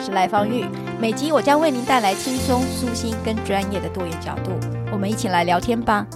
我是賴芳玉，每集我將為您帶來輕鬆、舒心、跟專業的多元角度，我們一起來聊天吧。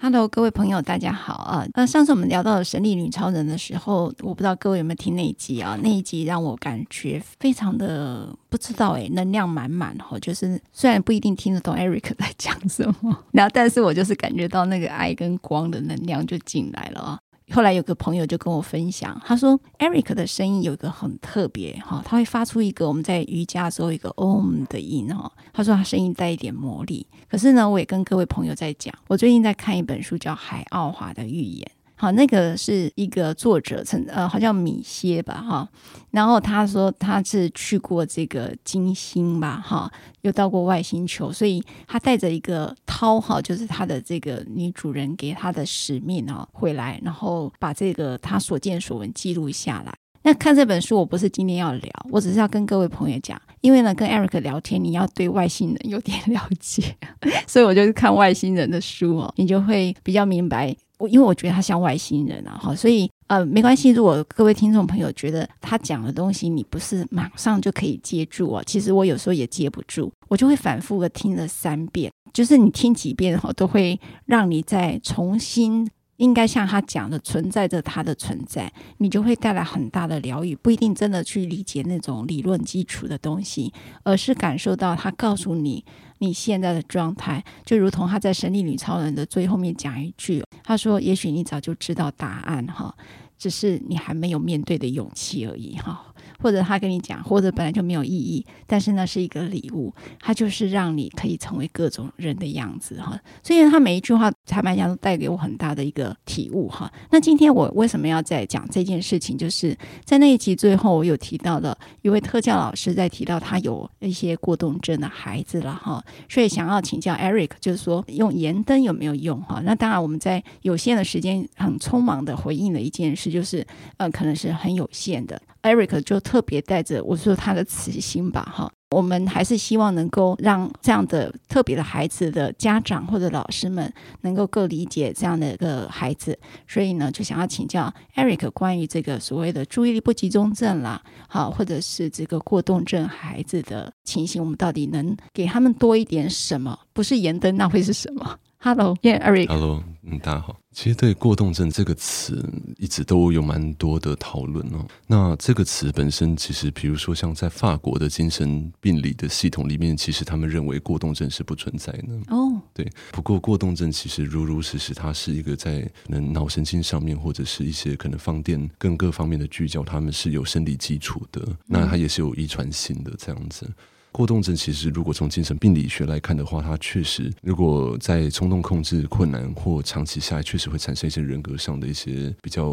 Hello，各位朋友，大家好啊！那，上次我們聊到《神力女超人》的時候，我不知道各位有沒有聽那一集啊？那一集讓我感覺非常的不知道哎，能量滿滿哦。就是雖然不一定聽得懂 Eric 在講什麼，然後但是我就是感覺到那個愛跟光的能量就進來了啊。後來有個朋友就跟我分享，他說 Eric 的聲音有一個很特別哈、哦，他會發出一個我們在瑜伽的時候一個 Om 的音哈、哦。他說他聲音帶一點魔力，可是呢，我也跟各位朋友在講，我最近在看一本書叫《海奧華的預言》。好，那個是一個作者，呃，好像米歇吧，哈。然後他說他是去過這個金星吧，哈，又到過外星球，所以他帶着一個濤，哈，就是他的這個女主人給他的使命啊，回來，然後把這個他所見所聞記錄下來。那看這本書，我不是今天要聊，我只是要跟各位朋友講，因為呢，跟 Eric 聊天，你要對外星人有點了解， 所以我就是看外星人的書哦，你就會比較明白。因為我覺得他像外星人啊，哈，所以呃，沒關係。如果各位聽眾朋友覺得他講的東西你不是馬上就可以接住啊，其實我有時候也接不住，我就會反覆的聽了三遍。就是你聽幾遍後都會讓你再重新應該像他講的存在着他的存在，你就會帶來很大的療癒。不一定真的去理解那種理論基礎的東西，而是感受到他告訴你。你現在的狀態，就如同他在《神力女超人》的最後面講一句：“他說，也許你早就知道答案，哈，只是你還沒有面對的勇氣而已，哈。”或者他跟你講，或者本來就沒有意義，但是那是一個禮物，它就是讓你可以成為各種人的樣子哈。所以他每一句話，坦白講都帶給我很大的一個體悟哈。那今天我為什麼要再講這件事情？就是在那一集最後，我有提到的一位特教老師在提到他有一些過動症的孩子了哈，所以想要請教 Eric，就是說用鹽燈有沒有用哈？那當然，我們在有限的時間很匆忙的回應了一件事，就是呃，可能是很有限的。Eric 就特別帶着，我說他的慈心吧，哈，我們還是希望能夠讓這樣的特別的孩子的家長或者老師們能夠更理解這樣的一個孩子，所以呢，就想要請教 Eric 關於這個所謂的注意力不集中症啦，好，或者是這個過動症孩子的情形，我們到底能給他們多一點什麼？不是鹽燈，那會是什麼？Hello，Yeah，Eric。嗯，Hello. Yeah, Eric. 大家好。其實對過動症這個詞一直都有蠻多的討論哦。那這個詞本身，其實比如說像在法國的精神病理的系統裡面，其實他們認為過動症是不存在的哦。Oh. 對，不過過動症其實如如實實，它是一個在能腦神經上面或者是一些可能放電更各方面的聚焦，他們是有生理基礎的。那、mm. 它也是有遺傳性的這樣子。過動症其實，如果從精神病理學來看的話，它確實，如果在衝動控制困難或長期下來，確實會產生一些人格上的一些比較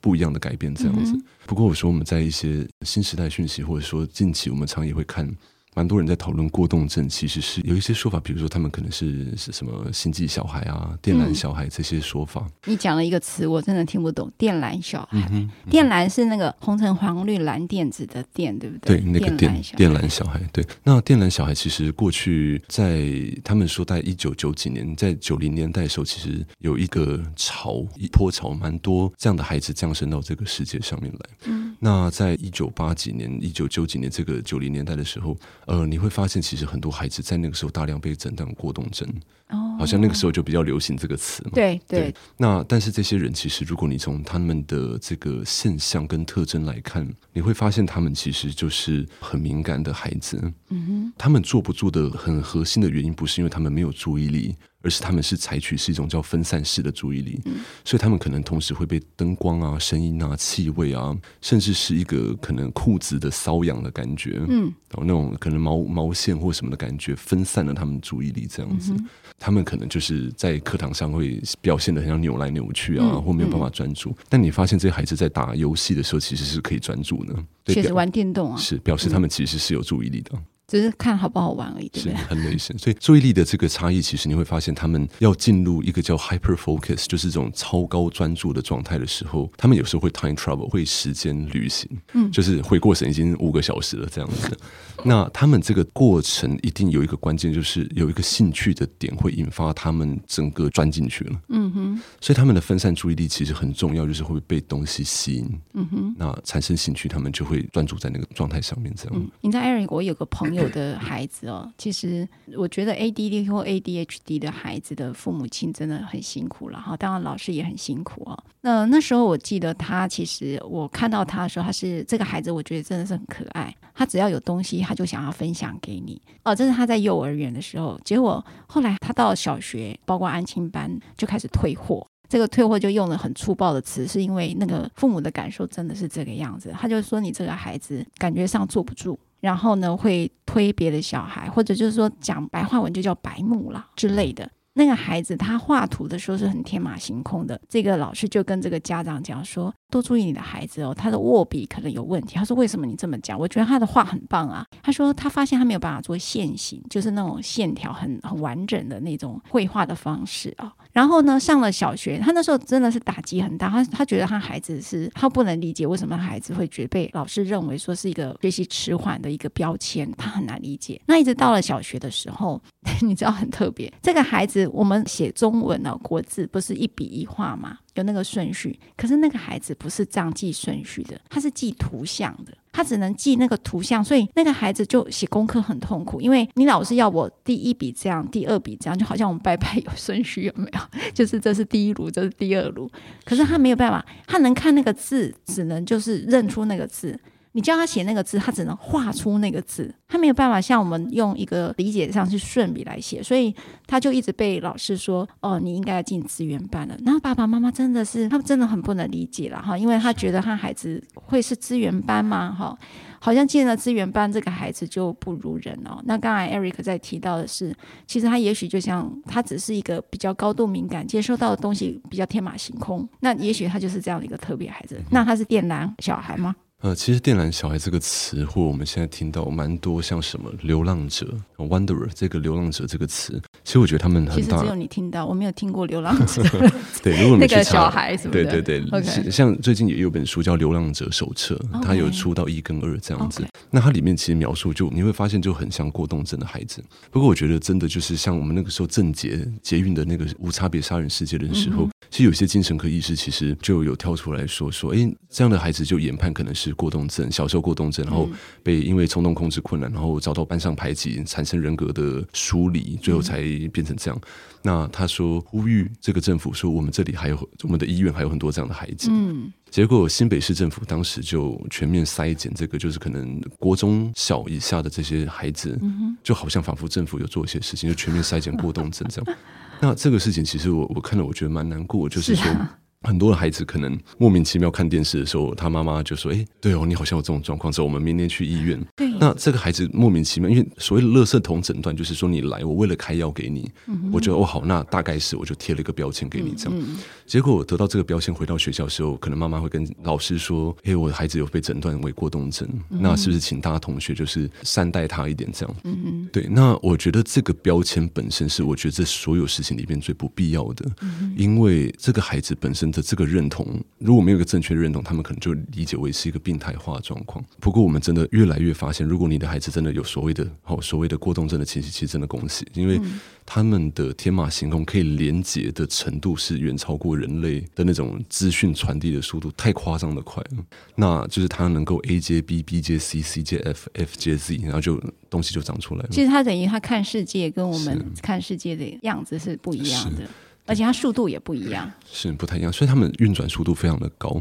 不一樣的改變。這樣子。不過，我說我們在一些新時代訊息，或者說近期，我們常也會看。蠻多人在討論過動症，其實是有一些說法，比如說他們可能是是什麼星際小孩啊、靛藍小孩這些說法。嗯、你講了一個詞，我真的聽不懂“靛藍小孩”嗯。嗯、靛藍是那個紅橙黃綠藍靛紫的靛，對不對？對，那個靛靛藍小、小孩。對，那靛藍小孩其實過去在他們說，在一九九幾年，在九零年代的時候，其實有一個潮一波潮，蠻多這樣的孩子降生到這個世界上面來。嗯，那在一九八幾年、一九九幾年這個九零年代的時候。呃，你會發現其實很多孩子在那個時候大量被診斷過動症，Oh. 好像那個時候就比較流行這個詞嘛。對對,對。那但是這些人其實，如果你從他們的這個現象跟特徵來看，你會發現他們其實就是很敏感的孩子。嗯哼、mm。Hmm. 他們坐不住的很核心的原因，不是因為他們沒有注意力。而是他們是採取是一種叫分散式的注意力，嗯、所以他們可能同時會被燈光啊、聲音啊、氣味啊，甚至是一個可能褲子的瘙癢的感覺，嗯，然後那種可能毛毛線或什麼的感覺分散了他們的注意力，這樣子，嗯、哼他們可能就是在課堂上會表現得很像扭來扭去啊，嗯、或沒有辦法專注。嗯、但你發現這些孩子在打遊戲的時候，其實是可以專注的，對確實玩電動啊，是表示他們其實是有注意力的。嗯嗯只是看好不好玩而已，是，對吧？很危險。所以注意力的這個差異，其實你會發現，他們要進入一個叫 hyper focus，就是這種超高專注的狀態的時候，他們有時候會 time travel，會時間旅行，嗯，就是回過神已經五個小時了這樣子的。嗯、那他們這個過程一定有一個關鍵，就是有一個興趣的點會引發他們整個鑽進去了。嗯哼，所以他們的分散注意力其實很重要，就是會被東西吸引。嗯哼，那產生興趣，他們就會專注在那個狀態上面。這樣，嗯、你在 Eric，我有個朋友。有的孩子哦，其實我覺得 ADD 或 ADHD 的孩子的父母親真的很辛苦了哈。當然，老師也很辛苦哦。那那時候我記得他，其實我看到他的時候，他是這個孩子，我覺得真的是很可愛。他只要有東西，他就想要分享給你。哦，這是他在幼兒園的時候。結果後來他到了小學，包括安親班，就開始退貨。這個退貨就用了很粗暴的詞，是因為那個父母的感受真的是這個樣子。他就說：“你這個孩子感覺上坐不住。”然後呢，會推別的小孩，或者就是說，講白話文就叫白目啦之類的。那個孩子他畫圖的時候是很天馬行空的，這個老師就跟這個家長講說，多注意你的孩子哦，他的握筆可能有問題。他說為什麼你這麼講？我覺得他的畫很棒啊。他說他發現他沒有辦法做線形，就是那種線條很很完整的那種繪畫的方式啊。然後呢，上了小學，他那時候真的是打擊很大，他他覺得他孩子是他不能理解為什麼孩子會覺被老師認為說是一個學習遲緩的一個標籤，他很難理解。那一直到了小學的時候，你知道很特別，這個孩子。我們寫中文的國字不是一筆一畫嗎？有那個順序。可是那個孩子不是這樣記順序的，他是記圖像的。他只能記那個圖像，所以那個孩子就寫功課很痛苦，因為你老是要我第一筆這樣，第二筆這樣，就好像我們拜拜有順序有沒有？就是這是第一爐，這是第二爐。可是他沒有辦法，他能看那個字，只能就是認出那個字。你教他寫那個字，他只能畫出那個字，他沒有辦法像我們用一個理解上去順筆來寫，所以他就一直被老師說：“哦，你應該要進資源班了。”那爸爸媽媽真的是他們真的很不能理解了哈，因為他覺得他孩子會是資源班嗎？哈，好像進了資源班，這個孩子就不如人哦。那剛才 Eric 在提到的是，其實他也許就像他只是一個比較高度敏感，接收到的東西比較天馬行空，那也許他就是這樣的一個特別孩子。那他是靛藍小孩嗎？呃，其實“電纜小孩”這個詞，或我們現在聽到蠻多，像什麼“流浪者”、“wanderer” 這個“流浪者”這個詞，其實我覺得他們很大。只有你聽到，我沒有聽過“流浪者”。 對，如果那個小孩什麼的。對對對，Okay. 像最近也有本書叫《流浪者手冊》，它有出到一、跟二這樣子。Okay. 那它裡面其實描述就，就你會發現就很像過動症的孩子。不過我覺得真的就是像我們那個時候鄭捷捷運的那個無差別殺人事件的時候，嗯嗯其實有些精神科醫師其實就有跳出來說說：“哎、欸，這樣的孩子就研判可能是。”過動症，小時候過動症，然後被因為衝動控制困難，然後遭到班上排擠，產生人格的疏離，最後才變成這樣。嗯、那他說呼籲這個政府說，我們這裡還有我們的醫院還有很多這樣的孩子。嗯、結果新北市政府當時就全面篩檢，這個，就是可能國中小以下的這些孩子，嗯、哼就好像仿佛政府有做一些事情，就全面篩檢過動症這樣。 那這個事情其實我我看了，我覺得蠻難過，就是說是、啊。很多的孩子可能莫名其妙看電視的時候，他媽媽就說：“哎、欸，對哦，你好像有這種狀況，走，我們明天去醫院。”那這個孩子莫名其妙，因為所謂的“垃圾桶診斷”就是說你來，我為了開藥給你，嗯、哼我覺得哦好，那大概是我就貼了一個標籤給你這樣。嗯、哼結果我得到這個標籤，回到學校的時候，可能媽媽會跟老師說：“哎、欸，我的孩子有被診斷為過動症，那是不是請大家同學就是善待他一點這樣？”嗯、哼對，那我覺得這個標籤本身是我覺得這所有事情裡邊最不必要的，嗯、哼因為這個孩子本身。的這個認同，如果沒有一個正確的認同，他們可能就理解為是一個病態化的狀況。不過，我們真的越來越發現，如果你的孩子真的有所謂的、好、哦、所謂的過動症的情緒，其實真的恭喜，因為他們的天馬行空可以連接的程度是遠超過人類的那種資訊傳遞的速度，太誇張的快了。那就是他能夠 A 接 B，B 接 C，C 接 F，F 接 Z，然後就東西就長出來了。其實他等於他看世界跟我們看世界的樣子是不一樣的。而且它速度也不一樣，是不太一樣，所以他們運轉速度非常的高。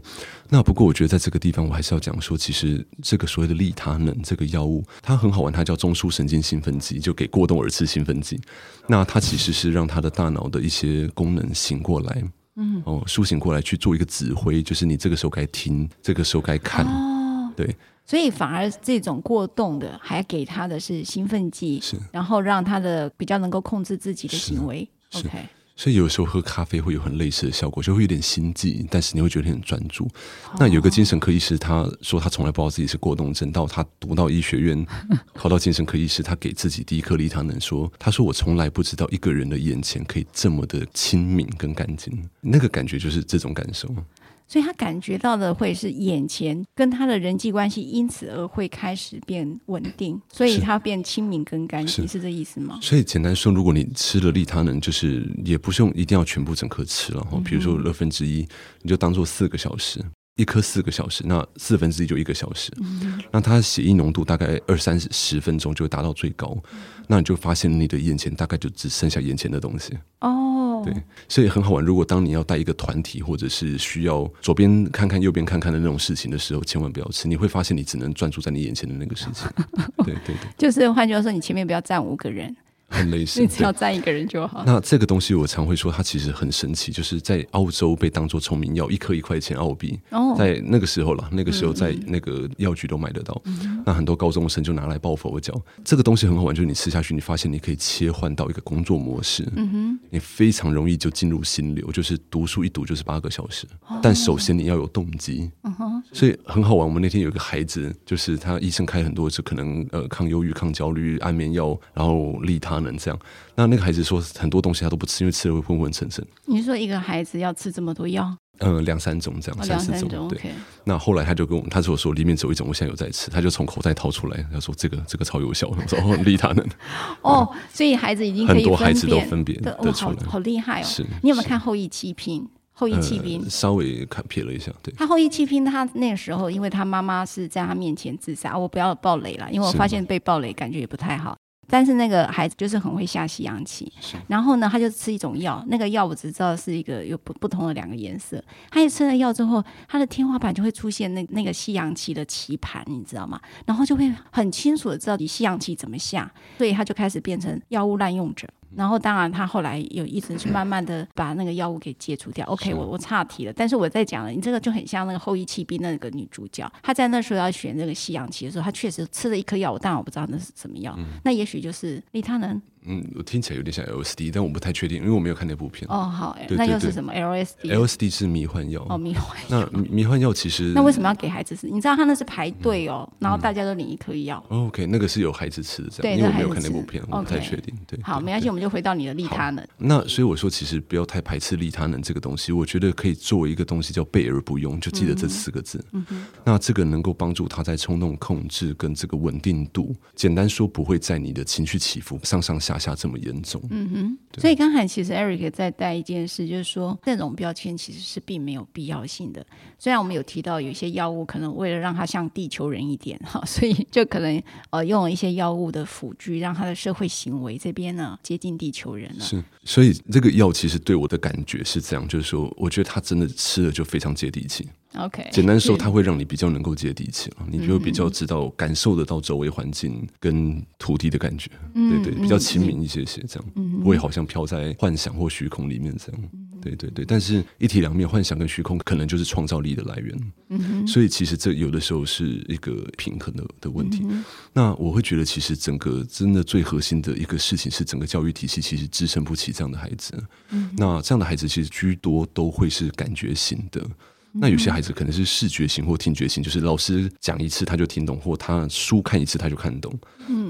那不過我覺得在這個地方，我還是要講說，其實這個所謂的利他能這個藥物，它很好玩，它叫中樞神經興奮劑，就給過動兒吃興奮劑。那它其實是讓他的大腦的一些功能醒過來，嗯，哦，甦醒過來去做一個指揮，就是你這個時候該聽，這個時候該看，哦，對。所以反而這種過動的，還給他的是興奮劑，是，然後讓他的比較能夠控制自己的行為。OK。所以有時候喝咖啡會有很類似的效果，就會有點心悸，但是你會覺得很專注。那有個精神科醫師，他說他從來不知道自己是過動症，到他讀到醫學院，考到精神科醫師，他給自己第一顆利他能說，他說我從來不知道一個人的眼前可以這麼的清明跟乾淨，那個感覺就是這種感受。所以他感覺到的會是眼前跟他的人際關係因此而會開始變穩定，是所以他變清明跟乾淨是，是這意思嗎？所以簡單說，如果你吃了利他能，就是也不用一定要全部整顆吃了，嗯嗯比如說六分之一，2, 你就當做四個小時，一顆四個小時，那四分之一就一個小時，嗯嗯那它的血液濃度大概二三十分鐘就達到最高，嗯、那你就發現你的眼前大概就只剩下眼前的東西哦。對，所以很好玩。如果當你要帶一個團體，或者是需要左邊看看、右邊看看的那種事情的時候，千萬不要吃，你會發現你只能專注在你眼前的那個事情。 對對對，就是換句話說，你前面不要站五個人。很類似， 只要贊一個人就好。那這個東西我常會說，它其實很神奇，就是在澳洲被當做聰明藥，一顆一塊錢澳幣，哦、在那個時候了，那個時候在那個藥局都買得到。嗯嗯，那很多高中生就拿來抱佛腳。這個東西很好玩，就是你吃下去，你發現你可以切換到一個工作模式，嗯哼、嗯，你非常容易就進入心流，就是讀書一讀就是八個小時。哦、但首先你要有動機，嗯哼，所以很好玩。我們那天有一個孩子，就是他醫生開很多次，就可能呃抗憂鬱、抗焦慮、安眠藥，然後利他。.能這樣？那那個孩子說很多東西他都不吃，因為吃了會昏昏沉沉。你說一個孩子要吃這麼多藥？嗯，兩三種這樣，哦、兩三,三四種。okay. 對。那後來他就跟我們，他跟我說裡面只有一種，我現在有在吃。他就從口袋掏出來，他說這個這個超有效，然後利他能。 嗯、哦，所以孩子已經很多孩子都分別對、哦、好，好厲害哦。是你有沒有看《後翼棄兵？後翼棄兵、嗯、稍微看瞥了一下，對。他《後翼棄兵，他那個時候，因為他媽媽是在他面前自殺，我不要暴雷了，因為我發現被暴雷感覺也不太好。但是那個孩子就是很會下西洋棋，然後呢，他就吃一種藥，那個藥我只知道是一個有不不同的兩個顏色，他也吃了藥之後，他的天花板就會出現那那個西洋棋的棋盤，你知道嗎？然後就會很清楚的知道你西洋棋怎麼下，所以他就開始變成藥物濫用者。然後，當然，他後來有一直去慢慢的把那個藥物給解除掉。OK，我我岔題了，但是我在講了，你這個就很像那個後翼棄兵那個女主角，她在那時候要選那個西洋棋的時候，她確實吃了一顆藥，我但我不知道那是什麼藥，嗯、那也許就是誒，利他能。嗯，我聽起來有點像 LSD，但我不太確定，因為我沒有看那部片。哦，好，那又是什麼？LSD？LSD 是迷幻藥。哦，迷幻藥。那迷幻藥其實……那為什麼要給孩子吃？你知道他那是排隊哦，然後大家都領一顆藥。OK，那個是有孩子吃的，這樣。因為我沒有看那部片，我不太確定。對，好，沒關係，我們就回到你的利他能。那所以我說，其實不要太排斥利他能這個東西，我覺得可以作為一個東西叫備而不用，就記得這四個字。嗯哼。那這個能夠幫助他在衝動控制跟這個穩定度，簡單說，不會在你的情緒起伏上上下下這麼嚴重，嗯哼，對所以剛才其實 Eric 在帶一件事，就是說這種標籤其實是並沒有必要性的。雖然我們有提到有一些藥物可能為了讓他像地球人一點哈，所以就可能呃用了一些藥物的輔助，讓他的社會行為這邊呢接近地球人了。是，所以這個藥其實對我的感覺是這樣，就是說我覺得他真的吃了就非常接地氣。OK，簡單說，它會讓你比較能夠接地氣了，的你就會比較知道感受得到周圍環境跟土地的感覺，嗯嗯對，對對，比較親民一些些，這樣嗯嗯不會好像飄在幻想或虛空裡面這樣，對對對。但是，一體兩面，幻想跟虛空可能就是創造力的來源，嗯嗯所以其實這有的時候是一個平衡的的問題。嗯嗯那我會覺得，其實整個真的最核心的一個事情是，整個教育體系其實支撐不起這樣的孩子，嗯嗯那這樣的孩子其實居多都會是感覺型的。那有些孩子可能是視覺型或聽覺型，就是老師講一次他就聽懂，或他書看一次他就看懂。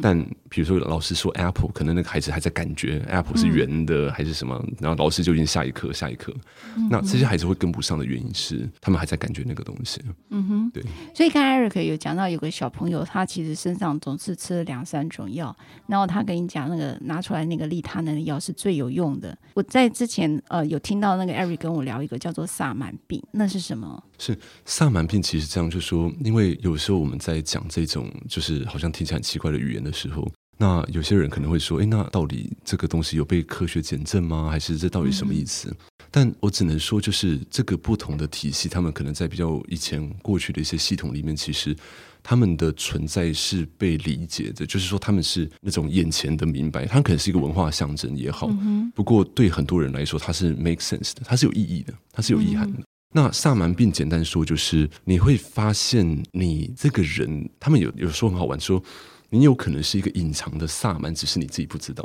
但比如說，老師說 apple，可能那個孩子還在感覺 apple 是圓的、嗯、還是什麼，然後老師就已經下一課下一課、嗯、哼那這些孩子會跟不上的原因是他們還在感覺那個東西。嗯哼，對。所以剛 Eric 有講到有個小朋友，他其實身上總是吃了兩三種藥，然後他跟你講那個拿出來那個利他能的藥是最有用的。我在之前呃有聽到那個 Eric 跟我聊一個叫做薩滿病，那是什麼？是薩滿病，其實這樣就是說，因為有時候我們在講這種就是好像聽起來很奇怪的語言的時候，那有些人可能會說：“誒，那到底這個東西有被科學驗證嗎？還是這到底什麼意思？”嗯、哼但我只能說，就是這個不同的體系，他們可能在比較以前過去的一些系統裡面，其實他們的存在是被理解的，就是說他們是那種眼前的明白，它可能是一個文化象徵也好。嗯、哼不過對很多人來說，它是 make sense 的，它是有意義的，它是有意涵的。嗯那薩滿病簡單說就是你會發現你這個人，他們有有說很好玩，說你有可能是一個隱藏的薩滿，只是你自己不知道。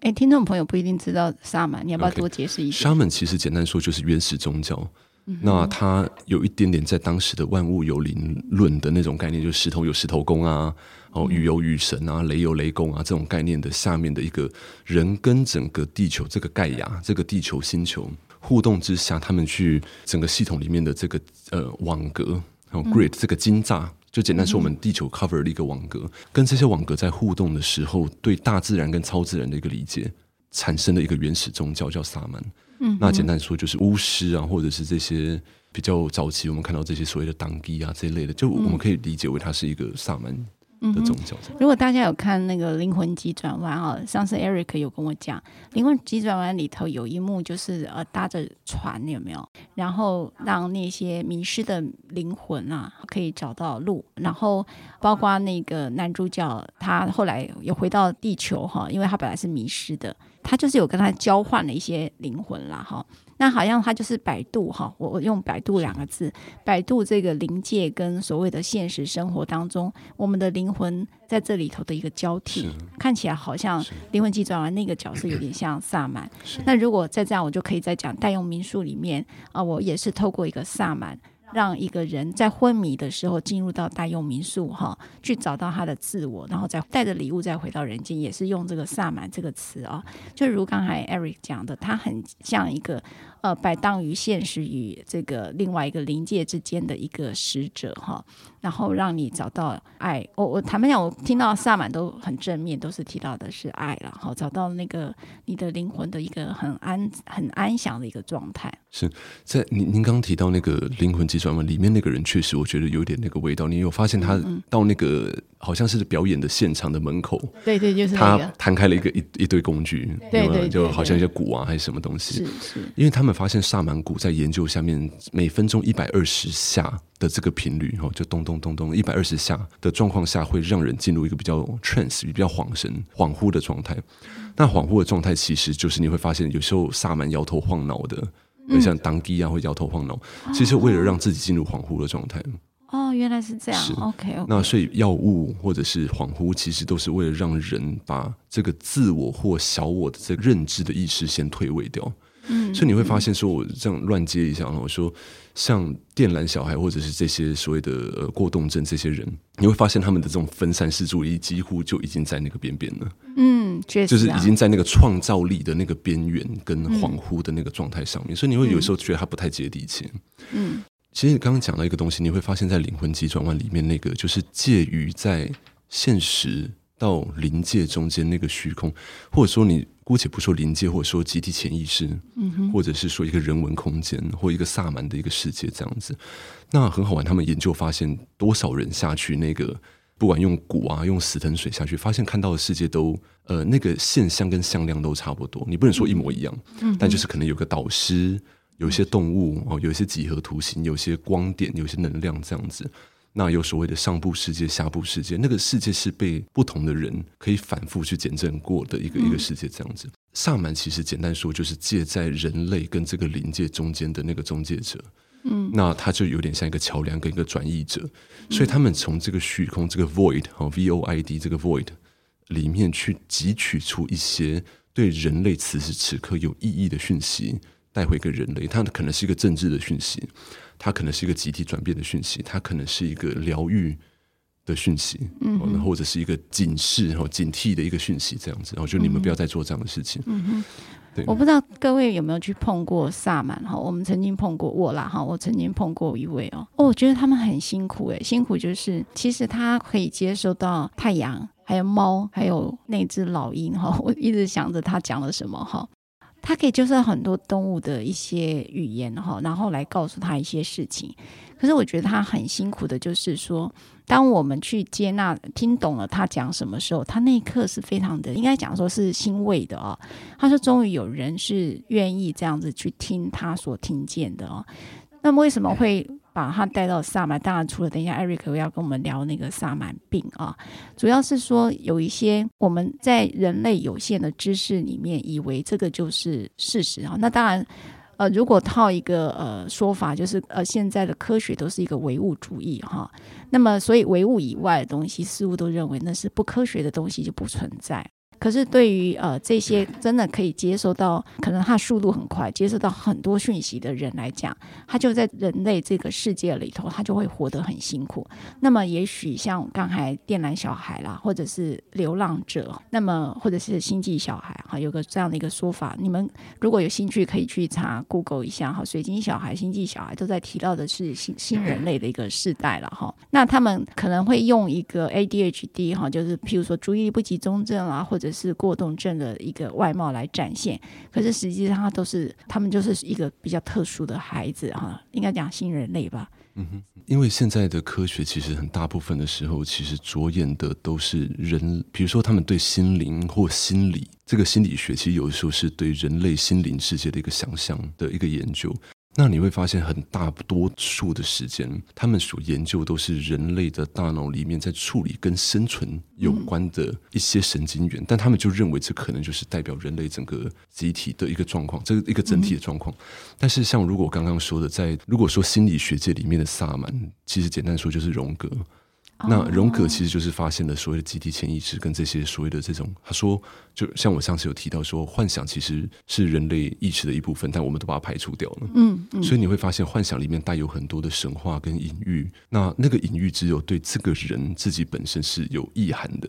誒、欸，聽眾朋友不一定知道薩滿，你要不要多解釋一下？Okay. 薩滿其實簡單說就是原始宗教，嗯、哼那它有一點點在當時的萬物有靈論的那種概念，就是、石頭有石頭公啊，哦雨有雨神啊，雷有雷公啊這種概念的下面的一個人跟整個地球這個蓋亞這個地球星球。互動之下，他們去整個系統裡面的這個呃網格，還有 grid、嗯、這個金柵，就簡單說我們地球 cover 的一個網格，嗯、跟這些網格在互動的時候，對大自然跟超自然的一個理解，產生的一個原始宗教叫薩滿。嗯哼，那簡單說就是巫師啊，或者是這些比較早期我們看到這些所謂的當地啊這一類的，就我們可以理解為它是一個薩滿。嗯嗯嗯、如果大家有看那個《靈魂急轉彎》哦，上次 Eric 有跟我講，《靈魂急轉彎》裡頭有一幕就是呃，搭着船有沒有？然後讓那些迷失的靈魂啊，可以找到路。然後包括那個男主角，他後來又回到地球哈，因為他本來是迷失的，他就是有跟他交換了一些靈魂啦哈。那好像它就是擺渡哈，我我用擺渡兩個字，是擺渡這個靈界跟所謂的現實生活當中，我們的靈魂在這裡頭的一個交替，是看起來好像靈魂急轉彎那個角色有點像薩滿。是那如果再這樣，我就可以再講代用民俗裡面啊、呃，我也是透過一個薩滿。讓一個人在昏迷的時候進入到大用民宿，哈，去找到他的自我，然後再帶着禮物再回到人間，也是用這個薩滿這個詞啊。就如剛才 Eric 講的，他很像一個。呃，擺盪於現實與這個另外一個靈界之間的一個使者哈，然後讓你找到愛。哦、我我坦白講，我聽到的薩滿都很正面，都是提到的是愛了哈，然後找到那個你的靈魂的一個很安很安詳的一個狀態。是在您您剛剛提到那個靈魂計算嗎？裡面那個人，確實我覺得有點那個味道。你有發現他到那個？嗯嗯好像是表演的現場的門口，對對，對，就是、那個、他攤開了一個、嗯、一一堆工具，對對，對，對，對有有，就好像一些鼓啊還是什麼東西。是是，因為他們發現薩滿鼓在研究下面每分鐘一百二十下的這個頻率，然、哦、後就咚咚咚咚一百二十下的狀況下，會讓人進入一個比較 trance、比較恍神、恍惚的狀態。嗯、那恍惚的狀態其實就是你會發現，有時候薩滿搖頭晃腦的，就、嗯、像當地啊會搖頭晃腦，嗯、其實為了讓自己進入恍惚的狀態。哦哦，原來是這樣。是 OK，okay. 那所以藥物或者是恍惚，其實都是為了讓人把這個自我或小我的這個認知的意識先退位掉。嗯，所以你會發現，說我這樣亂接一下，我、嗯、說像電纜小孩或者是這些所謂的呃過動症這些人，你會發現他們的這種分散式注意幾乎就已經在那個邊邊了。嗯，確實啊，就是已經在那個創造力的那個邊緣跟恍惚的那個狀態上面，嗯，所以你會有時候覺得他不太接地氣。嗯。其實你剛剛講到一個東西，你會發現，在靈魂急轉彎裡面那個，就是介於在現實到臨界中間那個虛空，或者說你姑且不說臨界，或者說集體潛意識，或者是說一個人文空間，或一個薩滿的一個世界這樣子。嗯、哼那很好玩，他們研究發現，多少人下去那個，不管用鼓啊，用死藤水下去，發現看到的世界都，呃，那個現象跟向量都差不多。你不能說一模一樣，嗯、哼但就是可能有個導師。有些動物哦，有一些幾何圖形，有些光點，有些能量這樣子。那有所謂的上部世界、下部世界，那個世界是被不同的人可以反覆去見證過的一個一個世界這樣子。薩滿、嗯、其實簡單說，就是介在人類跟這個臨界中間的那個中介者。嗯，那他就有點像一個橋樑跟一個轉譯者，所以他們從這個虛空、這個 void、哦、V-O-I-D 這個 void 裡面去汲取出一些對人類此時此刻有意義的訊息。帶回一個人類，他可能是一個政治的訊息，他可能是一個集體轉變的訊息，他可能是一個療癒的訊息，嗯哼，或者是一個警示然後警惕的一個訊息，這樣子，我覺得你們不要再做這樣的事情。嗯哼對，我不知道各位有沒有去碰過薩滿哈，我們曾經碰過，我啦哈，我曾經碰過一位哦，哦、oh,，我覺得他們很辛苦哎、欸，辛苦就是其實他可以接收到太陽，還有貓，還有那只老鷹哈，我一直想着他講了什麼哈。他可以就是很多動物的一些語言哈，然後來告訴他一些事情。可是我覺得他很辛苦的，就是說，當我們去接納、聽懂了他講什麼時候，他那一刻是非常的，應該講說是欣慰的哦。他說，終於有人是願意這樣子去聽他所聽見的哦。那麼為什麼會？把它帶到薩滿，當然除了等一下艾瑞克要跟我們聊那個薩滿病啊，主要是說有一些我們在人類有限的知識裡面，以為這個就是事實啊。那當然，呃，如果套一個呃說法，就是呃現在的科學都是一個唯物主義哈、啊，那麼所以唯物以外的東西，似乎都認為那是不科學的東西就不存在。可是對於呃這些真的可以接收到，可能他速度很快，接收到很多訊息的人來講，他就在人類這個世界裡頭，他就會活得很辛苦。那麼也許像剛才靛藍小孩啦，或者是流浪者，那麼或者是星際小孩哈，有個這樣的一個說法，你們如果有興趣可以去查 Google 一下哈，水晶小孩、星際小孩都在提到的是新新人類的一個世代了哈。那他們可能會用一個 ADHD 哈，就是譬如說注意力不集中症啊，或者是過動症的一個外貌來展現，可是實際上他都是，他們就是一個比較特殊的孩子哈，應該講新人類吧。嗯哼，因為現在的科學其實很大部分的時候，其實着眼的都是人，比如說他們對心靈或心理這個心理學，其實有的時候是對人類心靈世界的一個想象的一個研究。那你會發現，很大多數的時間，他們所研究都是人類的大腦裡面在處理跟生存有關的一些神經元，嗯、但他們就認為這可能就是代表人類整個集體的一個狀況，這一個整體的狀況。嗯、但是，像如果我剛剛說的，在如果說心理學界裡面的薩滿，其實簡單說就是榮格。那榮格其實就是發現了所謂的集體潛意識跟這些所謂的這種，他說，就像我上次有提到說，幻想，其實是人類意識的一部分，但我們都把它排除掉了。嗯，所以你會發現幻想裡面帶有很多的神話跟隱喻。那那個隱喻只有對這個人自己本身是有意涵的，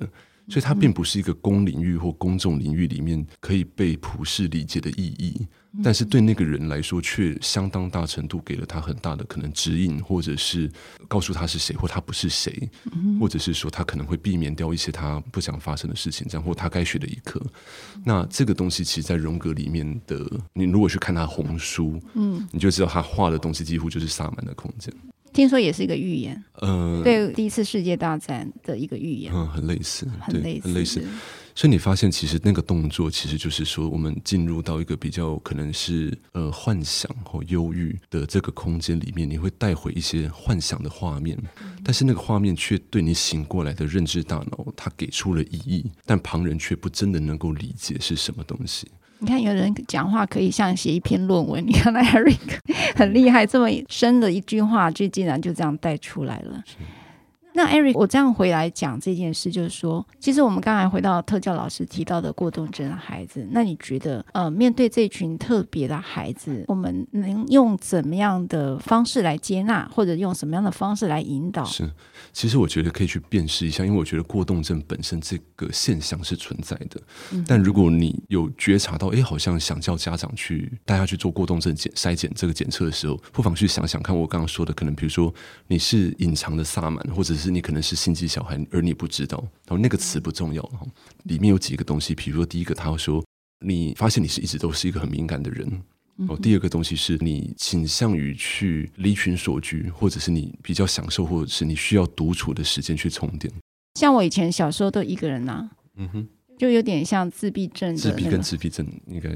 所以它並不是一個公領域或公眾領域裡面可以被普世理解的意義，但是對那個人來說，卻相當大程度給了他很大的可能指引，或者是告訴他是誰，或他不是誰，或者是說他可能會避免掉一些他不想發生的事情，這樣或他該學的一課。嗯、那這個東西其實，在榮格裡面的，你如果去看他紅書，嗯，你就知道他畫的東西幾乎就是薩滿的空間。聽說也是一個預言，呃，對，第一次世界大戰的一個預言，嗯、啊，很類似，很類似。所以你發現，其實那個動作其實就是說，我們進入到一個比較可能是呃幻想、或憂鬱的這個空間裡面，你會帶回一些幻想的畫面，但是那個畫面卻對你醒過來的認知大腦，它給出了意義，但旁人卻不真的能夠理解是什麼東西。你看，有人講話可以像寫一篇論文。你看那 Eric 很厲害， 這麼深的一句話就竟然就這樣帶出來了。那 Eric，我這樣回來講這件事，就是說，其實我們剛才回到特教老師提到的過動症的孩子，那你覺得，呃，面對這群特別的孩子，我們能用怎麼樣的方式來接納，或者用什麼樣的方式來引導？是，其實我覺得可以去辨識一下，因為我覺得過動症本身這個現象是存在的，嗯、但如果你有覺察到，哎，好像想叫家長去帶他去做過動症檢篩檢這個檢測的時候，不妨去想想看，我剛剛說的，可能比如說你是隱藏的薩滿，或者是。可是，你可能是心機小孩，而你不知道。然後那個詞不重要，裡面有幾個東西，比如說第一個，他說你發現你是一直都是一個很敏感的人；然後、嗯、哼第二個東西是你傾向於去離群索居，或者是你比較享受，或者是你需要獨處的時間去充電。像我以前小時候都一個人吶、啊，嗯哼，就有點像自閉症、那個。自閉跟自閉症應該。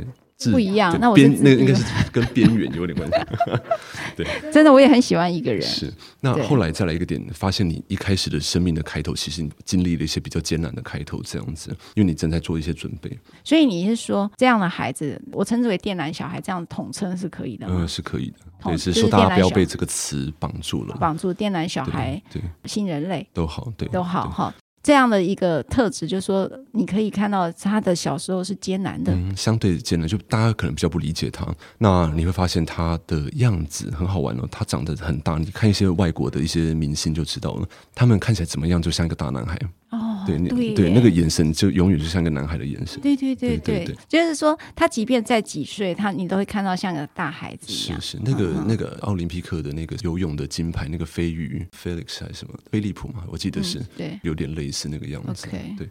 不一樣，那我邊那個應該是跟邊緣有點關係。 對，真的我也很喜歡一個人。是，那後來再來一個點，發現你一開始的生命的開頭，其實你經歷了一些比較艱難的開頭，這樣子，因為你正在做一些準備。所以你是說這樣的孩子，我稱之為靛藍小孩，這樣統稱是可以的嗎？嗯，是可以的。對，所以說大家不要被這個詞綁住了。綁住靛藍小孩，對，新人類都好，對，都好哈。這樣的一個特質，就是說你可以看到他的小時候是艱難的，嗯，相對的艱難，就大家可能比較不理解他。那你會發現他的樣子很好玩哦，他長得很大，你看一些外國的一些明星就知道了，他們看起來怎麼樣？就像一個大男孩。哦，對，對，那個眼神就永遠就像個男孩的眼神。對對對對，就是說他即便在幾歲，他你都會看到像個大孩子。是是，那個那個奧林匹克的那個游泳的金牌，那個飛魚，Felix 還是什麼，飛利浦嘛，我記得是，對，有點類似那個樣子。對，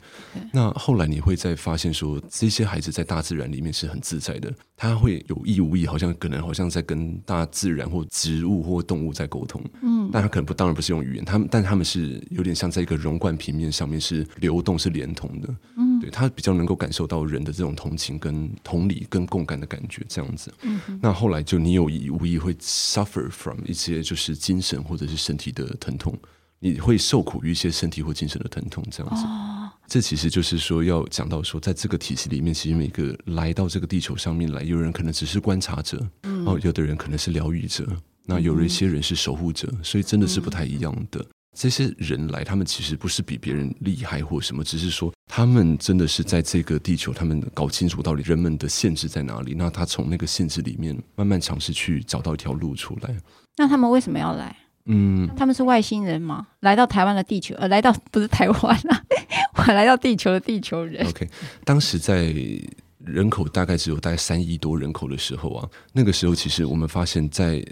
那後來你會再發現說，這些孩子在大自然裡面是很自在的，他會有意無意，好像可能好像在跟大自然或植物或動物在溝通。嗯，但他可能不，當然不是用語言，他們但他們是有點像在一個容貫平面上面。是流動是連通的，嗯，對他比較能夠感受到人的這種同情、跟同理、跟共感的感覺，這樣子。嗯、哼那後來就你有意無意會 suffer from 一些就是精神或者是身體的疼痛，嗯、你會受苦於一些身體或精神的疼痛，這樣子。哦、這其實就是說要講到說，在這個體系裡面，其實每個來到這個地球上面來，有，有人可能只是觀察者，哦、嗯，然後有的人可能是療癒者，嗯、那有一些人是守護者，嗯、所以真的是不太一樣的。嗯嗯。這些人來，他們其實不是比別人厲害或什麼，只是說他們真的是在這個地球，他們搞清楚到底人們的限制在哪裡。那他從那個限制裡面慢慢嘗試去找到一條路出來。那他們為什麼要來？嗯，他們是外星人嗎？來到台灣的地球，呃，來到不是台灣啊，我來到地球的地球人。OK，當時在人口大概只有大概三億多人口的時候啊，那個時候其實我們發現在。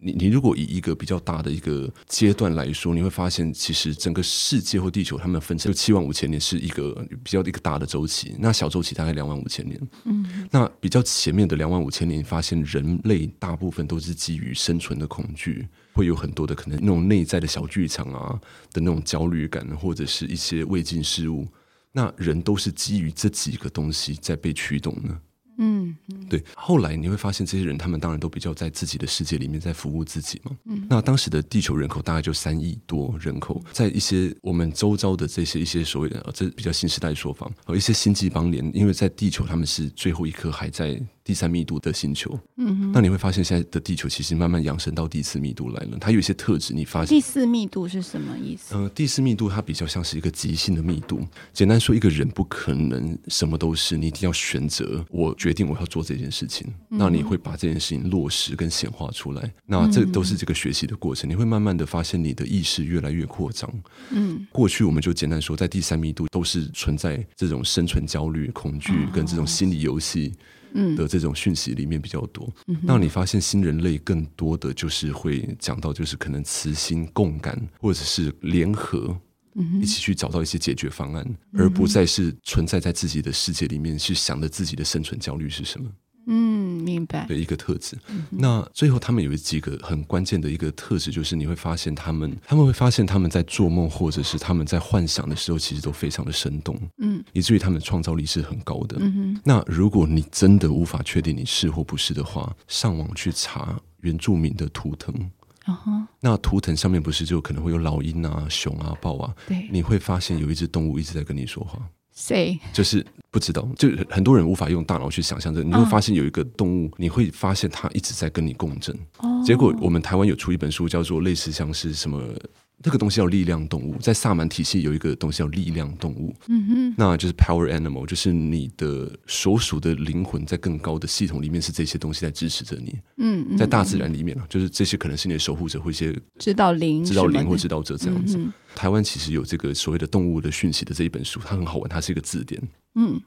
你你如果以一個比較大的一個階段來說，你會發現，其實整個世界或地球它們分成，就七萬五千年是一個比較一個大的週期，那小週期大概兩萬五千年。嗯，那比較前面的兩萬五千年，發現人類大部分都是基於生存的恐懼，會有很多的可能那種內在的小劇場啊的那種焦慮感，或者是一些未竟事物，那人都是基於這幾個東西在被驅動呢。嗯，嗯對。後來你會發現，這些人他們當然都比較在自己的世界裡面，在服務自己嘛。嗯，那當時的地球人口大概就三億多人口，在一些我們周遭的這些一些所謂的這比較新時代的說法，和一些星際邦聯，因為在地球他們是最後一顆還在第三密度的星球，嗯哼，那你會發現現在的地球其實慢慢揚升到第四密度來了。它有一些特質，你發現第四密度是什麼意思？呃，第四密度它比較像是一個極性的密度。簡單說，一個人不可能什麼都是，你一定要選擇。我決定我要做這件事情，嗯、哼那你會把這件事情落實跟顯化出來。嗯、哼那這都是這個學習的過程。你會慢慢的發現你的意識越來越擴張。嗯，過去我們就簡單說，在第三密度都是存在這種生存焦慮、恐懼跟這種心理遊戲。嗯嗯的這種訊息裡面比較多，嗯、哼那你發現新人類更多的就是會講到，就是可能慈心共感或者是聯合，一起去找到一些解決方案，嗯、哼而不再是存在在自己的世界裡面去想著自己的生存焦慮是什麼。嗯，明白。對，的一個特質。嗯哼。那最後，他們有幾個很關鍵的一個特質，就是你會發現他們，他們會發現他們在做夢或者是他們在幻想的時候，其實都非常的生動，嗯，以至於他們創造力是很高的。嗯哼。那如果你真的無法確定你是或不是的話，上網去查原住民的圖騰，哦，那圖騰上面不是就可能會有老鷹啊、熊啊、豹啊，對，你會發現有一只動物一直在跟你說話。誰 Say. 就是不知道，就很多人無法用大腦去想象這。你會發現有一個動物，uh. 你會發現它一直在跟你共振。結果我們台灣有出一本書，叫做類似像是什麼。那個東西叫力量動物，在薩滿體系有一個東西叫力量動物，嗯、哼那就是 power animal，就是你的所屬的靈魂在更高的系統裡面是這些東西在支持着你，嗯哼，在大自然裡面，就是這些可能是你的守護者或一些指導靈、指導靈嗎或指導者這樣子。嗯、哼台灣其實有這個所謂的動物的訊息的這一本書，它很好玩，它是一個字典，嗯。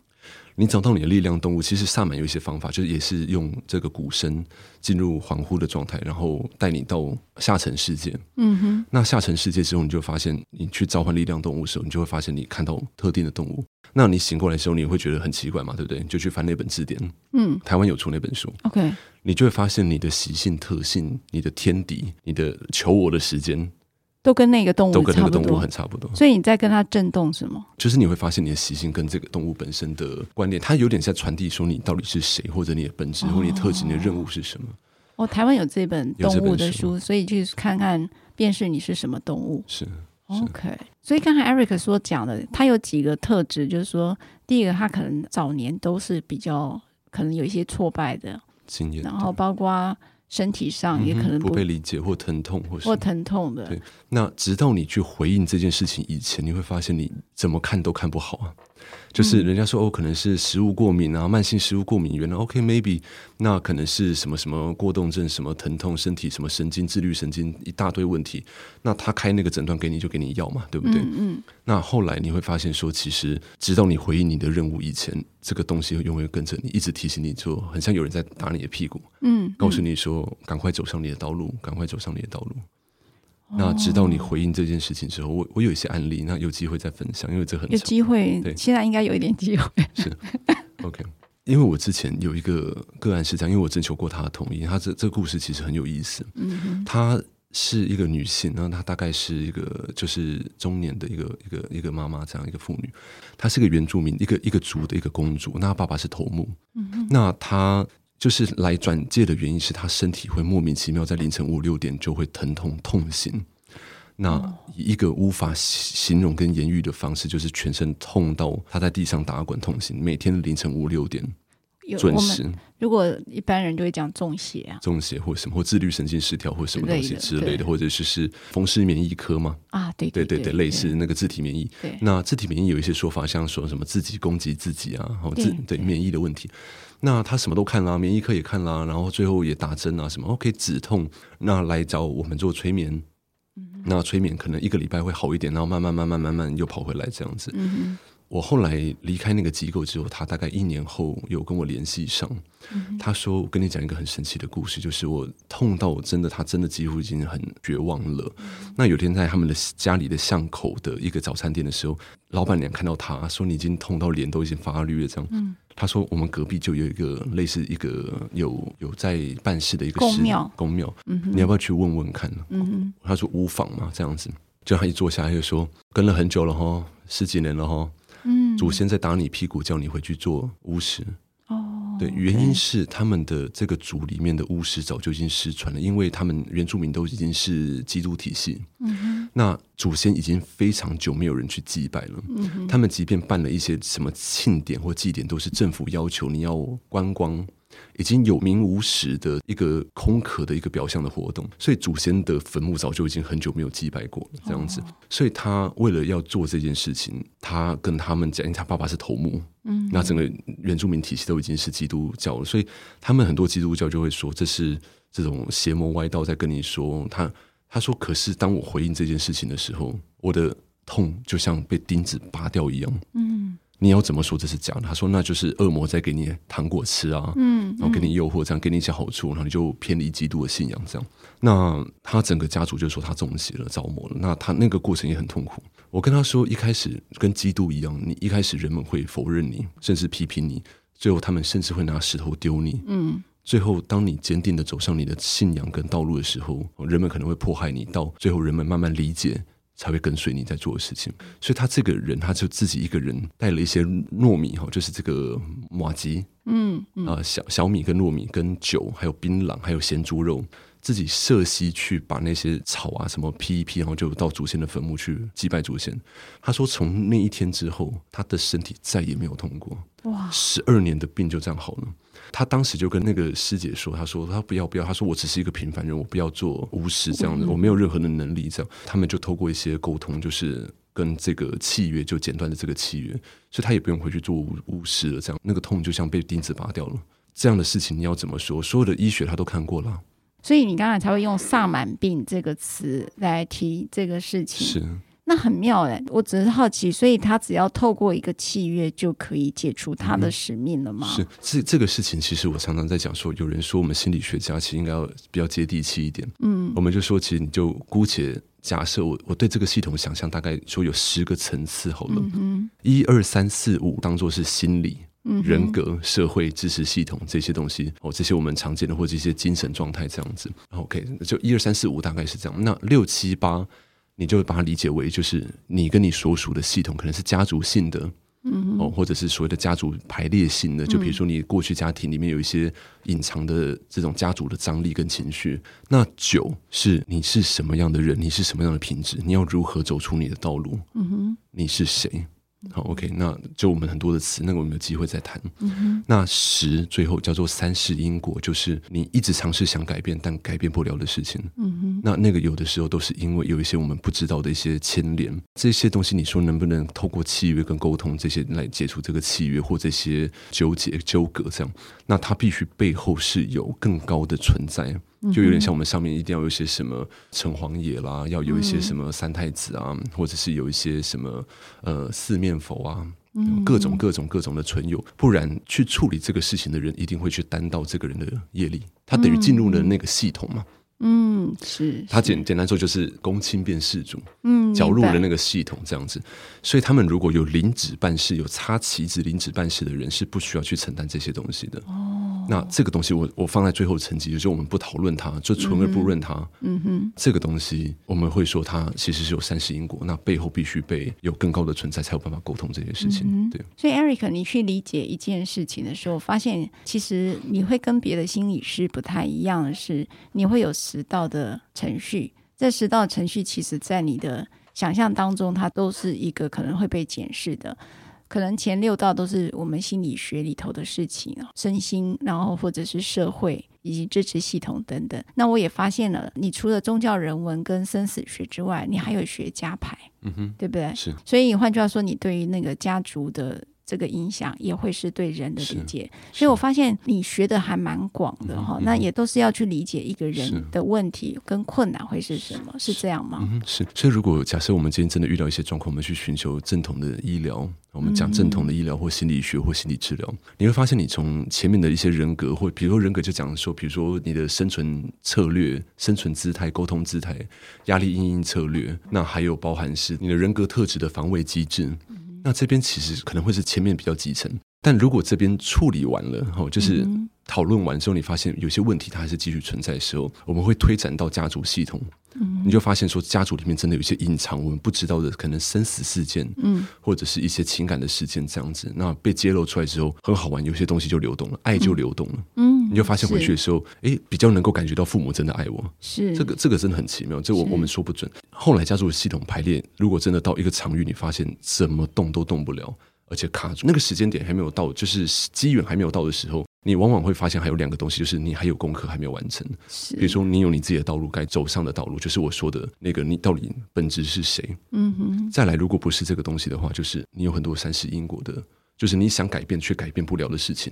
你找到你的力量動物，其實薩滿有一些方法，就是也是用這個鼓聲進入恍惚的狀態，然後帶你到下沉世界。嗯哼，那下沉世界之後，你就會發現你去召喚力量動物的時候，你就會發現你看到特定的動物。那你醒過來的時候，你會覺得很奇怪嘛？對不對？就去翻那本字典。嗯，台灣有出那本書。OK，你就會發現你的習性、特性、你的天敵、你的求我的時間。都跟那個動物差不多，都跟那個動物很差不多，所以你在跟它震動什麼？就是你會發現你的習性跟這個動物本身的觀點，它有點在傳遞說你到底是誰，或者你的本質，哦、或者你的特質，你的任務是什麼？哦，台灣有這本動物的書，所以去看看辨識你是什麼動物是，是 OK。所以剛才 Eric 所講的，他有幾個特質，就是說第一個他可能早年都是比較可能有一些挫敗的經驗，然後包括。身體上也可能不，嗯哼，不被理解或疼痛或什麼。或或疼痛的。對，那直到你去回應這件事情以前，你會發現你怎麼看都看不好啊。就是人家說哦，可能是食物過敏啊，慢性食物過敏，原來 OK maybe 那可能是什麼什麼過動症，什麼疼痛，身體什麼神經自律神經一大堆問題，那他開那個診斷給你就給你藥嘛，對不對？嗯嗯，那後來你會發現說，其實直到你回應你的任務以前，這個東西會永遠跟着你，一直提醒你，就很像有人在打你的屁股，告訴你說趕快走上你的道路，趕快走上你的道路。那直到你回應這件事情之後，我我有一些案例，那有機會再分享，因為這很有機會。對，現在應該有一點機會。 是的，OK。因為我之前有一個個案是這樣，因為我徵求過他的同意，他這這個故事其實很有意思。嗯哼，她是一個女性，那她大概是一個就是中年的一個一個一個媽媽，這樣一個婦女，她是一個原住民，一個一個族的一個公主，那她爸爸是頭目。嗯哼，那她。就是來轉介的原因是他身體會莫名其妙在凌晨五六點就會疼痛痛醒，那以一個無法形容跟言語的方式，就是全身痛到他在地上打滾痛醒，每天凌晨五六點準時。如果一般人就會講中邪，中邪或什麼或自律神經失調或什麼東西之類的，或者說是風濕免疫科嗎？啊，對對對對，類似那個自體免疫。那自體免疫有一些說法，像說什麼自己攻擊自己啊，自對免疫的問題。那他什麼都看了，免疫科也看了，然後最後也打針啊什麼，OK，止痛。那來找我們做催眠，嗯哼。那催眠可能一個禮拜會好一點，然後慢慢慢慢慢慢又跑回來這樣子。嗯我後來離開那個機構之後，他大概一年後有跟我聯繫上。嗯、哼他說：“我跟你講一個很神奇的故事，就是我痛到我真的他真的幾乎已經很絕望了。嗯、哼那有天在他們的家裡的巷口的一個早餐店的時候，老闆娘看到他說：‘你已經痛到臉都已經發綠了。’這樣，嗯、他說：‘我們隔壁就有一個類似一個有有在辦事的一個宮廟，宮廟，嗯、哼你要不要去問問看呢？’嗯、哼他說：‘無妨嘛，這樣子。’就他一坐下，他就說：‘跟了很久了哈，十幾年了哈。’祖先在打你屁股，叫你回去做巫師、哦、對，原因是他們的這個族裡面的巫師早就已經失傳了，因為他們原住民都已經是基督體系。嗯、哼那祖先已經非常久沒有人去祭拜了。嗯、哼他們即便辦了一些什麼慶典或祭典，都是政府要求你要觀光。已經有名無實的一個空殼的一個表象的活動，所以祖先的墳墓早就已經很久沒有祭拜過這樣子。哦、所以他為了要做這件事情，他跟他們講：“因為他爸爸是頭目。嗯哼”那整個原住民體系都已經是基督教了，所以他們很多基督教就會說，這是這種邪魔歪道在跟你說。他他說，可是當我回應這件事情的時候，我的痛就像被釘子拔掉一樣。嗯。你要怎麼說這是假的？他說，那就是惡魔在給你糖果吃啊，嗯嗯、然後給你誘惑，這樣給你一些好處，然後你就偏離基督的信仰這樣。那他整個家族就說他中邪了，著魔了。那他那個過程也很痛苦。我跟他說，一開始跟基督一樣，你一開始人們會否認你，甚至批評你，最後他們甚至會拿石頭丟你。嗯，最後當你堅定的走上你的信仰跟道路的時候，人們可能會迫害你，到最後人們慢慢理解。才會跟隨你在做的事情，所以他這個人，他就自己一個人帶了一些糯米哈，就是這個麻糬，嗯，嗯啊，小小米跟糯米跟酒，還有檳榔，還有鹹豬肉，自己設席去把那些草啊什麼劈一劈，然後就到祖先的墳墓去祭拜祖先。他說，從那一天之後，他的身體再也沒有痛過，哇，十二年的病就這樣好了。他當時就跟那個師姐說：“他說他不要不要，他說我只是一個平凡人，我不要做巫師這樣的，嗯、我沒有任何的能力這樣。他們就透過一些溝通，就是跟這個契約就剪斷了這個契約，所以他也不用回去做巫巫師了。這樣那個痛就像被釘子拔掉了。這樣的事情你要怎麼說？所有的醫學他都看過了，所以你剛才才會用‘薩滿病’這個詞來提這個事情。”是。那很妙哎、欸，我只是好奇，所以他只要透過一個契約就可以解除他的使命了嗎？嗯、是這這個事情，其實我常常在講說，有人說我們心理學家其實應該要比較接地氣一點。嗯，我們就說，其實你就姑且假設我我對這個系統想象，大概說有十個層次好了，一二三四五，當做是心理、人格、社會支持系統這些東西哦，這些我們常見的或這些精神狀態這樣子。OK，就一二三四五大概是這樣。那六七八。你就會把它理解為，就是你跟你所屬的系統，可能是家族性的，嗯哼，哦，或者是所謂的家族排列性的。就比如說，你過去家庭裡面有一些隱藏的這種家族的張力跟情緒。那就是你是什麼樣的人？你是什麼樣的品質？你要如何走出你的道路？嗯、哼你是誰？好，OK，那就我們很多的詞，那個我們有機會再談。嗯、哼那時最後叫做三世因果，就是你一直嘗試想改變，但改變不了的事情。嗯哼那那個有的時候都是因為有一些我們不知道的一些牽連，這些東西你說能不能透過契約跟溝通這些來解除這個契約或這些糾結糾葛？這樣，那它必須背後是有更高的存在。就有點像我們上面一定要有一些什麼城隍爺啦，要有一些什麼三太子啊，或者是有一些什麼呃四面佛啊，各種各種各種的存有，不然去處理這個事情的人一定會去擔到這個人的業力，他等於進入了那個系統嘛。嗯，是。是他簡簡單說就是公親變事主，嗯，攪入了那個系統這樣子，明白。所以他們如果有領旨辦事，有插旗子領旨辦事的人是不需要去承擔這些東西的。哦，那這個東西我我放在最後層級，就說我們不討論它，就存而不論它。嗯哼，這個東西我們會說它其實是有三世因果，嗯嗯、那背後必須被有更高的存在才有辦法溝通這些事情。嗯嗯、對。所以 Eric，你去理解一件事情的時候，發現其實你會跟別的心理師不太一樣的是，你會有。十道的程序，這十道程序，其實，在你的想象當中，它都是一個可能會被檢視的。可能前六道都是我們心理學裡頭的事情啊，身心，然後或者是社會以及支持系統等等。那我也發現了，你除了宗教、人文跟生死學之外，你還有學家牌，嗯哼，對不對？是。所以換句話說，你對於那個家族的。這個影響也會是對人的理解，所以我發現你學的還蠻廣的哈、哦，嗯嗯、那也都是要去理解一個人的問題跟困難會是什麼，是，是這樣嗎？是、嗯。是，所以如果假設我們今天真的遇到一些狀況，我們去尋求正統的醫療，我們講正統的醫療或心理學或心理治療，嗯、你會發現你從前面的一些人格，或者比如說人格就講說，比如說你的生存策略、生存姿態、溝通姿態、壓力因應策略，那還有包含是你的人格特質的防衛機制。嗯那這邊其實可能會是前面比較集成，但如果這邊處理完了，吼，就是、嗯。討論完之後，你發現有些問題它還是繼續存在的時候，我們會推展到家族系統，你就發現說家族裡面真的有一些隱藏我們不知道的可能生死事件，嗯，或者是一些情感的事件這樣子。那被揭露出來之後，很好玩，有些東西就流動了，愛就流動了，嗯，你就發現回去的時候，哎，比較能夠感覺到父母真的愛我，是這個這個真的很奇妙。這我我們說不準。後來家族系統排列，如果真的到一個場域，你發現怎麼動都動不了，而且卡住，那個時間點還沒有到，就是機緣還沒有到的時候。你往往會發現還有兩個東西，就是你還有功課還沒有完成。是，比如說你有你自己的道路，該走上的道路，就是我說的那個你到底本質是誰？嗯哼。再來，如果不是這個東西的話，就是你有很多三世因果的，就是你想改變卻改變不了的事情。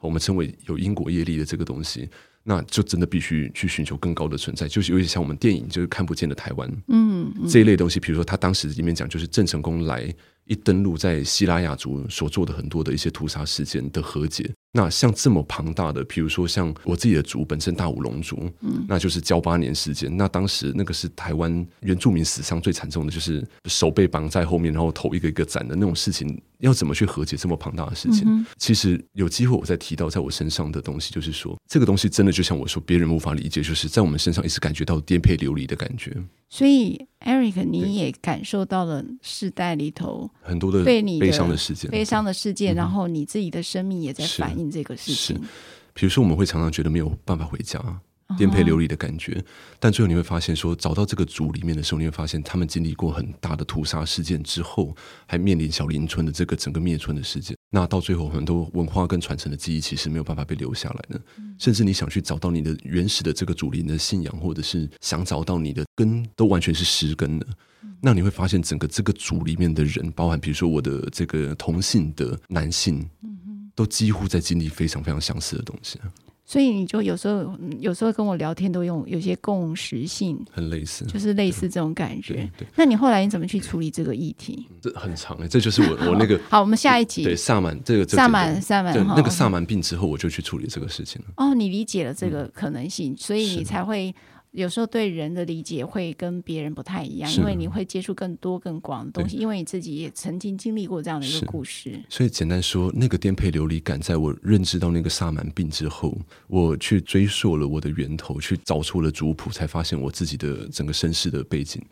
我們稱為有因果業力的這個東西，那就真的必須去尋求更高的存在。就是尤其像我們電影，就是看不見的台灣。嗯哼，這一類東西，比如說他當時裡面講，就是鄭成功來。一登陸在西拉雅族所做的很多的一些屠殺事件的和解，那像這麼龐大的，比如說像我自己的族本身大武龍族，嗯、那就是交八年時間。那當時那個是台灣原住民死傷最慘重的，就是手被綁在後面，然後頭一個一個斬的那種事情，要怎麼去和解這麼龐大的事情？嗯、哼其實有機會我再提到在我身上的東西，就是說這個東西真的就像我說，別人無法理解，就是在我們身上一直感覺到顛沛流離的感覺。所以，Eric，你也感受到了世代裡頭很多的被你悲傷的事件、悲傷的事件，然後你自己的生命也在反映這個事情。世界嗯、是，是，比如說，我們會常常覺得沒有辦法回家、顛沛流離的感覺，Uh-huh. 但最後你會發現說，說找到這個組裡面的時候，你會發現他們經歷過很大的屠殺事件之後，還面臨小林村的這個整個滅村的事件。那到最後，很多文化跟傳承的記憶其實沒有辦法被留下來的。甚至你想去找到你的原始的這個族靈的信仰，或者是想找到你的根，都完全是失根的。那你會發現，整個這個族裡面的人，包含比如說我的這個同性的男性，都幾乎在經歷非常非常相似的東西。所以你就有時候，有時候跟我聊天都用有些共識性，很類似，就是類似這種感覺。那你後來你怎麼去處理這個議題？嗯、這很長誒、欸，這就是我我那個。 好，我們下一集。對，對，薩滿這個薩滿薩滿，對那個薩滿病之後，我就去處理這個事情了。哦，你理解了這個可能性，嗯、所以你才會。有時候對人的理解會跟別人不太一樣，因為你會接觸更多更廣的東西，因為你自己也曾經經歷過這樣的一個故事。所以簡單說，那個顛沛流離感，在我認知到那個薩滿病之後，我去追溯了我的源頭，去找出了族譜，才發現我自己的整個身世的背景。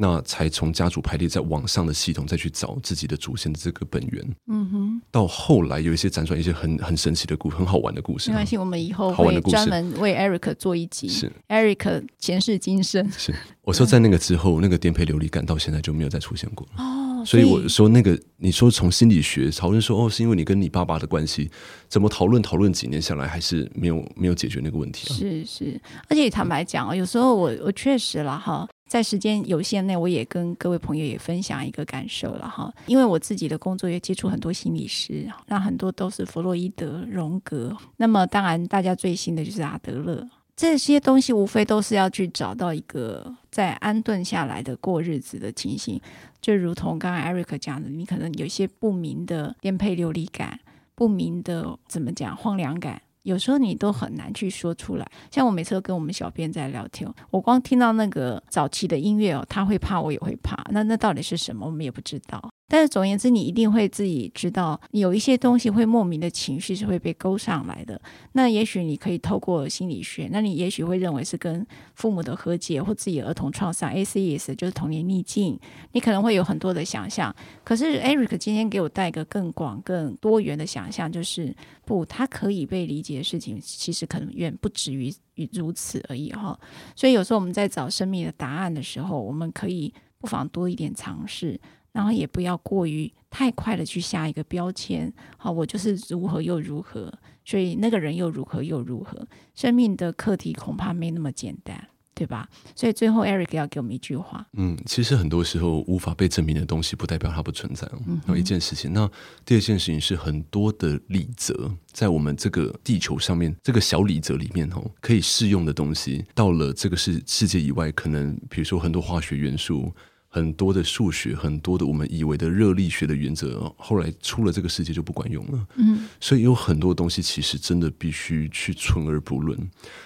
那才從家族排列再往上的系統，再去找自己的祖先的這個本源，嗯哼。到後來有一些輾轉，一些很很神奇的故事，很好玩的故事。沒關係，啊、我們以後會專門為 Eric 做一集，是 Eric 前世今生。是，我說在那個之後，對那個顛沛流離感到現在就沒有再出現過哦。所以，所以我說那個，你說從心理學討論說哦，是因為你跟你爸爸的關係，怎麼討論討論幾年下來還是沒有沒有解決那個問題，啊？是是，而且坦白講有時候我我確實啦哈。在時間有限內，我也跟各位朋友也分享一個感受了哈，因為我自己的工作也接觸很多心理師，那很多都是弗洛伊德、榮格，那麼當然大家最新的就是阿德勒，這些東西無非都是要去找到一個在安頓下來的過日子的情形，就如同剛剛 Eric 講的，你可能有些不明的顛沛流離感，不明的，怎麼講，荒涼感。有時候你都很難去說出來，像我每次都跟我們小編在聊天，我光聽到那個早期的音樂哦，他會怕，我也會怕，那那到底是什麼，我們也不知道。但是總而言之，你一定會自己知道，有一些東西會莫名的情緒是會被勾上來的。那也許你可以透過心理學，那你也許會認為是跟父母的和解或自己兒童創傷、啊、（A C E S） 就是童年逆境，你可能會有很多的想象。可是 Eric 今天給我帶個更廣、更多元的想象，就是不，它可以被理解的事情，其實可能遠不止於如此而已哈、哦。所以有時候我們在找生命的答案的時候，我們可以不妨多一點嘗試。然後也不要過於太快的去下一個標籤，好，我就是如何又如何，所以那個人又如何又如何，生命的課題恐怕沒那麼簡單，對吧？所以最後 Eric 要給我們一句話，嗯，其實很多時候無法被證明的東西，不代表它不存在。嗯哼，有一件事情，那第二件事情是很多的理則在我們這個地球上面這個小理則裡面，哦，可以適用的東西，到了這個世世界以外，可能比如說很多化學元素。很多的數學，很多的我們以為的熱力學的原則，後來出了這個世界就不管用了。嗯哼，所以有很多東西其實真的必須去存而不論。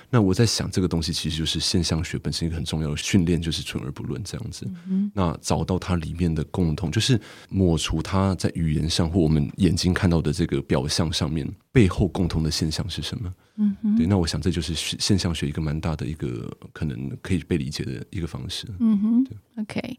那我在想，這個東西其實就是現象學本身一個很重要的訓練，就是存而不論這樣子。嗯哼，那找到它裡面的共通，就是抹除它在語言上或我們眼睛看到的這個表象上面背後共通的現象是什麼？嗯哼，對。那我想這就是現象學一個蠻大的一個可能可以被理解的一個方式。嗯哼，對，OK。